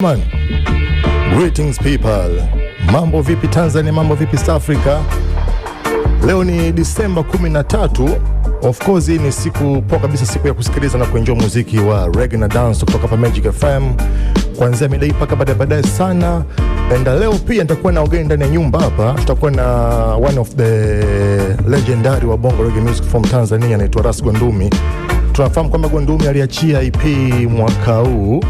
Man. Greetings people. Mambo vipi Tanzania, mambo vipi South Africa? Leo ni Disemba 13. Of course hii ni siku poa kabisa, siku ya kusikiliza na kuenjoy muziki wa reggae na dance kutoka hapa Magic FM kuanzia midai mpaka baadaye baadaye sana. Enda uh, leo pia nitakuwa na wageni ndani ya nyumba hapa, tutakuwa na one of the legendary wa Bongo Reggae Music from Tanzania anaitwa Ras Gondumi. Tunafahamu kwamba Gondumi aliachia EP mwaka huu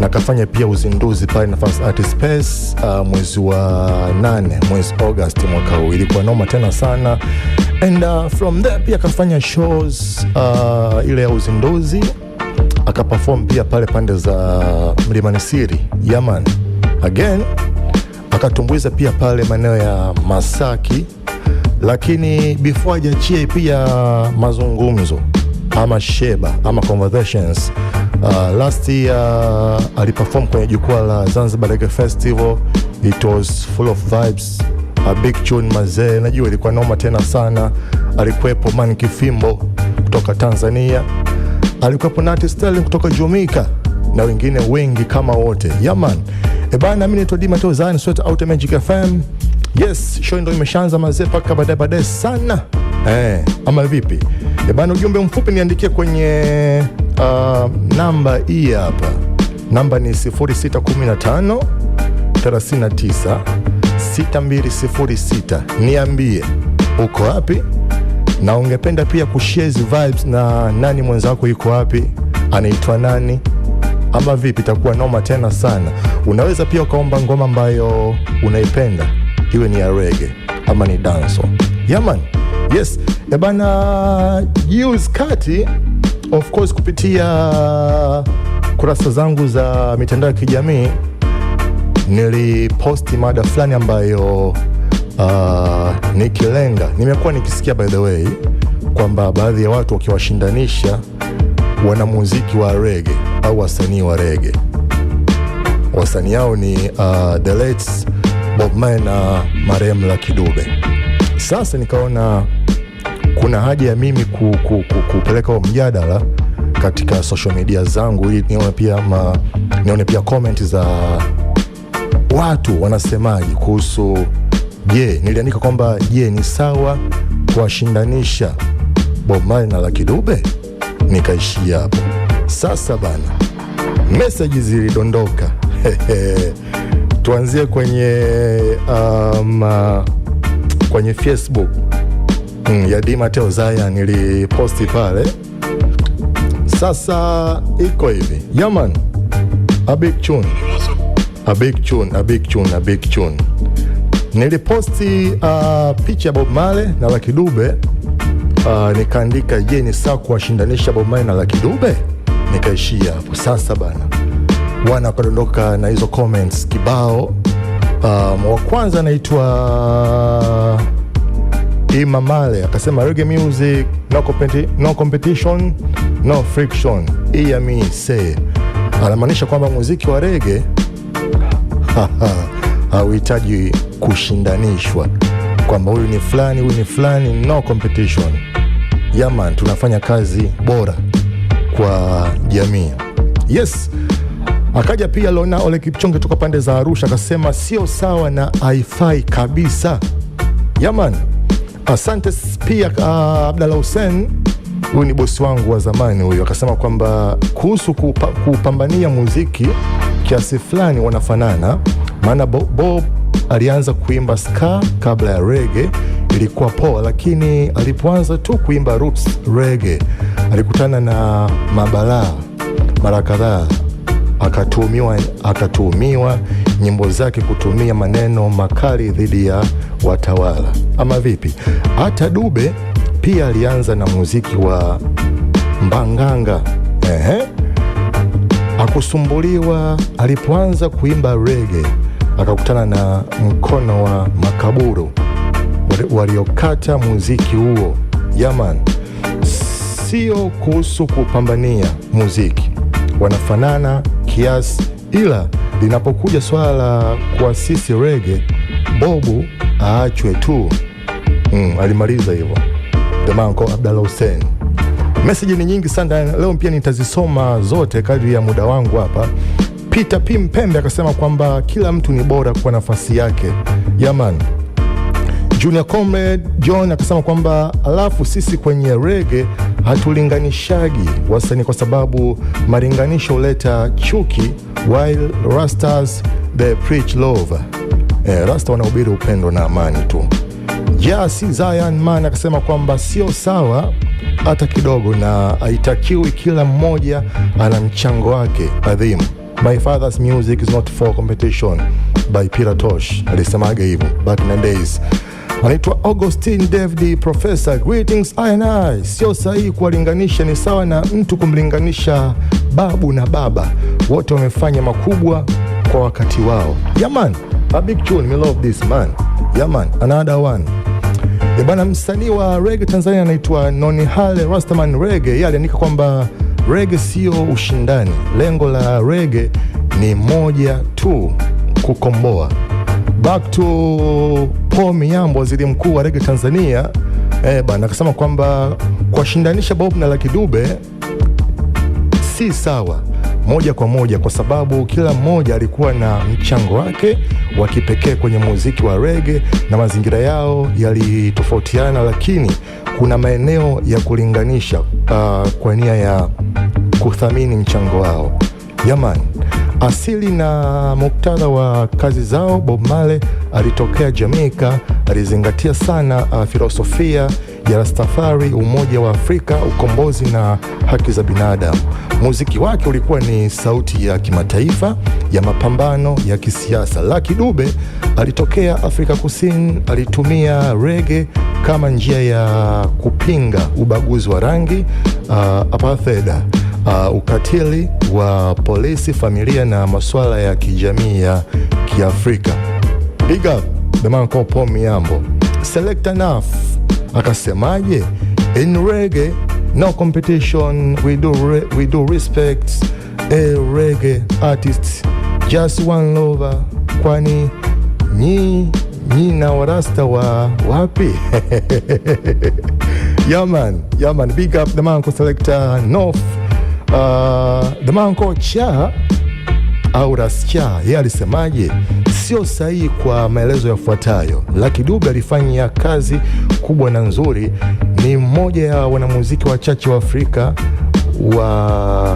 na kafanya pia uzinduzi pale Nafasi Art Space uh, mwezi wa 8 mwezi August mwaka huu, ilikuwa noma tena sana and uh, from there pia akafanya shows uh, ile ya uzinduzi akaperform pia pale pande za Mlimani Siri Yaman again akatumbuiza pia pale maeneo ya Masaki, lakini before ajachie pia mazungumzo ama sheba ama conversations Uh, last year uh, aliperform kwenye jukwaa la Zanzibar Reggae Festival. It was full of vibes. A big tune mazee, najua ilikuwa noma tena sana. Alikuwepo Man Kifimbo kutoka Tanzania, alikuwepo Nati Sterling kutoka Jamaica na wengine wengi kama wote. Yaman ebana, eh, mimi naitwa Dima Tozani, sweat out Magic FM. Yes, show ndio imeshaanza mazee, paka baadaye baadaye sana eh, ama vipi ebana? Eh, ujumbe mfupi niandikie kwenye uh, namba hii hapa, namba ni 0615 39 6206. Niambie uko wapi na ungependa pia kushare vibes na nani, mwenzako yuko wapi, anaitwa nani ama vipi? Itakuwa noma tena sana. Unaweza pia ukaomba ngoma ambayo unaipenda iwe ni ya rege ama ni danso. Yaman, yes ebana, eh use kati Of course kupitia kurasa zangu za mitandao ya kijamii niliposti mada fulani ambayo uh, nikilenga, nimekuwa nikisikia by the way kwamba baadhi ya watu wakiwashindanisha wanamuziki wa rege au wasanii wa rege, wasanii hao ni uh, the late Bob Marley na marehemu la kidube Sasa nikaona kuna haja ya mimi ku, ku, ku, kupeleka huo mjadala katika social media zangu ili nione pia ma, nione pia comment za watu wanasemaje kuhusu je yeah, niliandika kwamba je yeah, ni sawa kuwashindanisha Bob Marley na Lucky Dube nikaishia hapo sasa bana meseji zilidondoka tuanzie kwenye um, kwenye facebook mm, ya Di Mateo Zaya niliposti pale. Sasa iko hivi yaman, a big tune, a big tune, a big tune, a big tune. Niliposti uh, picha ya Bob Marley na Lucky Dube uh, nikaandika, je, ni saa kuwashindanisha Bob Marley na Lucky Dube? Nikaishia hapo. Sasa bana, wana wakadondoka na hizo comments kibao. Uh, wa kwanza anaitwa Ima Male akasema reggae music no, competi no competition no friction. Hii amini say anamaanisha kwamba muziki wa reggae hauhitaji kushindanishwa, kwamba huyu ni fulani, huyu ni fulani, no competition. Yaman, tunafanya kazi bora kwa jamii. Yes. Akaja pia Lona Ole Kipchonge toka pande za Arusha akasema sio sawa na haifai kabisa. Yaman. Asante pia uh, Abdalla Hussein, huyu ni bosi wangu wa zamani huyu, akasema kwamba kuhusu kupa, kupambania muziki kiasi fulani wanafanana, maana Bob alianza kuimba ska kabla ya rege ilikuwa poa, lakini alipoanza tu kuimba roots rege alikutana na mabalaa mara kadhaa akatuhumiwa, akatuhumiwa nyimbo zake kutumia maneno makali dhidi ya watawala, ama vipi? Hata Dube pia alianza na muziki wa mbanganga. Ehe, akusumbuliwa alipoanza kuimba rege, akakutana na mkono wa makaburu waliokata muziki huo. Yaman, sio kuhusu kupambania muziki, wanafanana kiasi, ila linapokuja swala la kuasisi rege, Bobu aachwe tu. Mm, alimaliza hivyo Damanko Abdalla Hussein. Meseji ni nyingi sana leo, pia nitazisoma zote kadri ya muda wangu hapa. Peter P Mpembe akasema kwamba kila mtu ni bora kwa nafasi yake. Yaman Junior Comrade John akasema kwamba alafu sisi kwenye rege hatulinganishaji wasanii kwa sababu maringanisho huleta chuki, while rastas they preach love. Eh, rasta wanahubiri upendo na amani tu. Jasi Zion Man akasema kwamba sio sawa hata kidogo, na haitakiwi, kila mmoja ana mchango wake adhimu. My father's music is not for competition by Piratosh, alisemaga hivyo back in the days anaitwa Augustine David Professor. Greetings I. Sio sahihi kuwalinganisha, ni sawa na mtu kumlinganisha babu na baba, wote wamefanya makubwa kwa wakati wao. Yaman, a big tune, me love this man. Yaman, another one. E eh, bana, msanii wa rege Tanzania anaitwa Nonihale Rastaman Rege. Yeye aliandika kwamba rege sio ushindani, lengo la rege ni moja tu, kukomboa. Back to Paul Miyambo, waziri mkuu wa rege Tanzania, eh, bana akasema kwamba kuwashindanisha Bob na Lucky Dube si sawa moja kwa moja kwa sababu kila mmoja alikuwa na mchango wake wa kipekee kwenye muziki wa rege na mazingira yao yalitofautiana, lakini kuna maeneo ya kulinganisha uh, kwa nia ya kuthamini mchango wao jamani. Asili na muktadha wa kazi zao, Bob Marley alitokea Jamaica, alizingatia sana uh, filosofia ya Rastafari, umoja wa Afrika, ukombozi na haki za binadamu. Muziki wake ulikuwa ni sauti ya kimataifa ya mapambano ya kisiasa. Lucky Dube alitokea Afrika Kusini, alitumia rege kama njia ya kupinga ubaguzi wa rangi, uh, apartheid uh, ukatili wa polisi, familia na masuala ya kijamii ya Kiafrika. Big up the man called Paul Miambo. Select enough akasemaje? In reggae no competition, we do re we do respect a reggae artist just one lover, kwani nyi nyi na warasta wa wapi? Yaman, Yaman, big up the man ko selector uh, North uh, the man called Cha au Rascha yeye alisemaje? Sio sahihi kwa maelezo yafuatayo. Lucky Dube alifanya kazi kubwa na nzuri, ni mmoja ya wanamuziki wachache wa Afrika wa,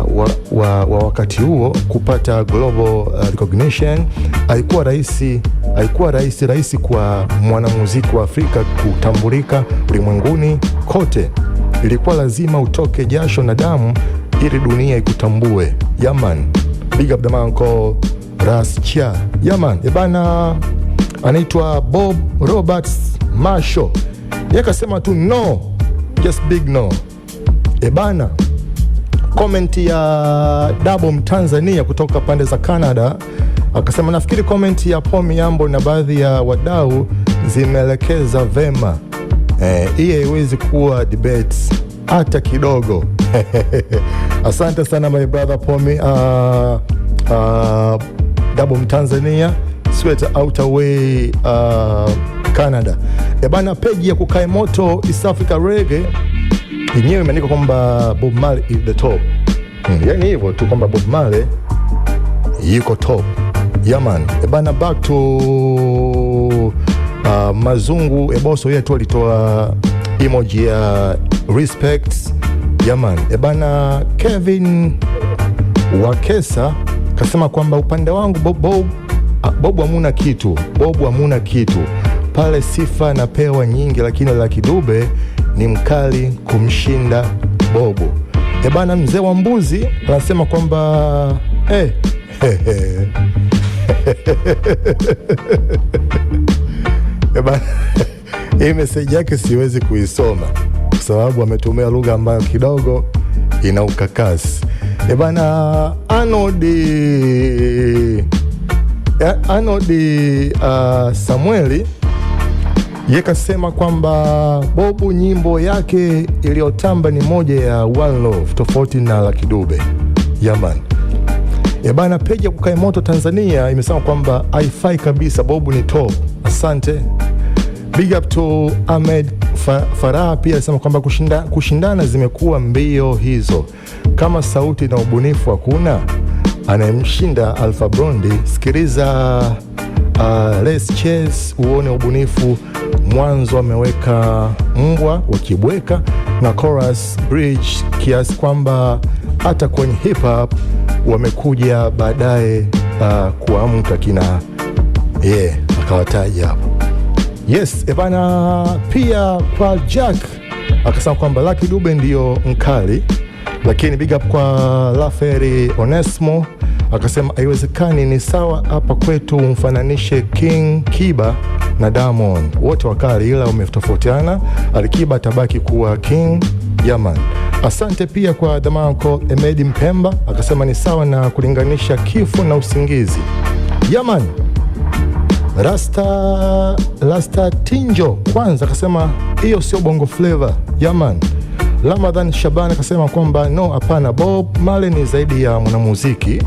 wa, wa, wa wakati huo kupata global uh, recognition. Haikuwa rahisi, haikuwa rahisi rahisi kwa mwanamuziki wa Afrika kutambulika ulimwenguni kote, ilikuwa lazima utoke jasho na damu ili dunia ikutambue. Yaman, big up the man called Rascha. Yaman ebana, eh, anaitwa Bob Roberts Masho, yakasema akasema tu no, just big no ebana. Eh, komenti ya dabom tanzania kutoka pande za Canada akasema nafikiri komenti ya Pomi Yambo na baadhi ya wadau zimeelekeza vema hiyi eh, haiwezi kuwa debate hata kidogo. Asante sana my brother Pomi, uh, uh, Dabo Mtanzania sweta outaway uh, Canada. Ebana, pegi ya kukae moto East Africa Reggae yenyewe imeandikwa kwamba Bob Marley is the top. Hmm, yani hivyo tu kwamba Bob Marley yuko top. Yaman ebana, back to uh, mazungu eboso yetu alitoa emoji ya respects Jamani, ebana, eh, Kevin Wakesa kasema kwamba upande wangu Bob, Bob, ah, Bob hamuna kitu, Bob hamuna kitu pale. Sifa napewa nyingi, lakini la Kidube ni mkali kumshinda Bobo. Ebana, eh, mzee wa mbuzi anasema kwamba eh, hey, eh, hii meseji yake siwezi kuisoma kwa sababu ametumia lugha ambayo kidogo ina ukakasi. E bana, Arnold e, Arnold uh, Samueli ye kasema kwamba Bobu nyimbo yake iliyotamba ni moja ya One Love tofauti na la Kidube. Yaman e bana, peji ya Kukae Moto Tanzania imesema kwamba haifai kabisa, Bobu ni top. Asante, big up to Ahmed Fa, Faraha pia alisema kwamba kushinda, kushindana zimekuwa mbio hizo, kama sauti na ubunifu hakuna anayemshinda Alpha Blondy. Sikiliza uh, Let's Chase uone ubunifu. Mwanzo ameweka mbwa wakibweka na chorus bridge, kiasi kwamba hata kwenye hip hop wamekuja baadaye uh, kuamka kina yeah, akawataja hapo Yes, ebana, pia kwa Jack akasema kwamba Lucky Dube ndiyo mkali, lakini big up kwa Laferi Onesmo akasema haiwezekani, ni sawa hapa kwetu umfananishe King Kiba na Diamond, wote wakali ila umetofautiana. Alikiba atabaki kuwa King Yaman. Asante pia kwa Damanko Emedi Mpemba akasema ni sawa na kulinganisha kifo na usingizi. Yaman. Rasta Rasta Tinjo kwanza akasema hiyo sio bongo flavor yaman. Ramadhan Shaban akasema kwamba no, hapana, Bob Marley ni zaidi ya mwanamuziki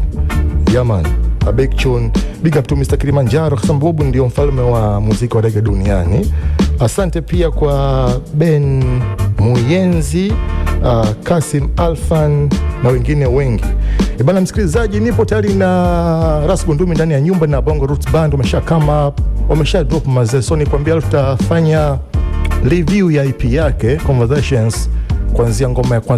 yaman. A big tune, big up to Mr Kilimanjaro akasema Bob ndio mfalme wa muziki wa reggae duniani. Asante pia kwa Ben Muyenzi, uh, Kasim Alfan na wengine wengi. E bana msikilizaji, nipo tayari na Ras Gundumi ndani ya nyumba na Bongo Roots Band wamesha kama wamesha drop mazee, so nikwambia tutafanya review ya EP yake Conversations kuanzia ngoma ya kwanza.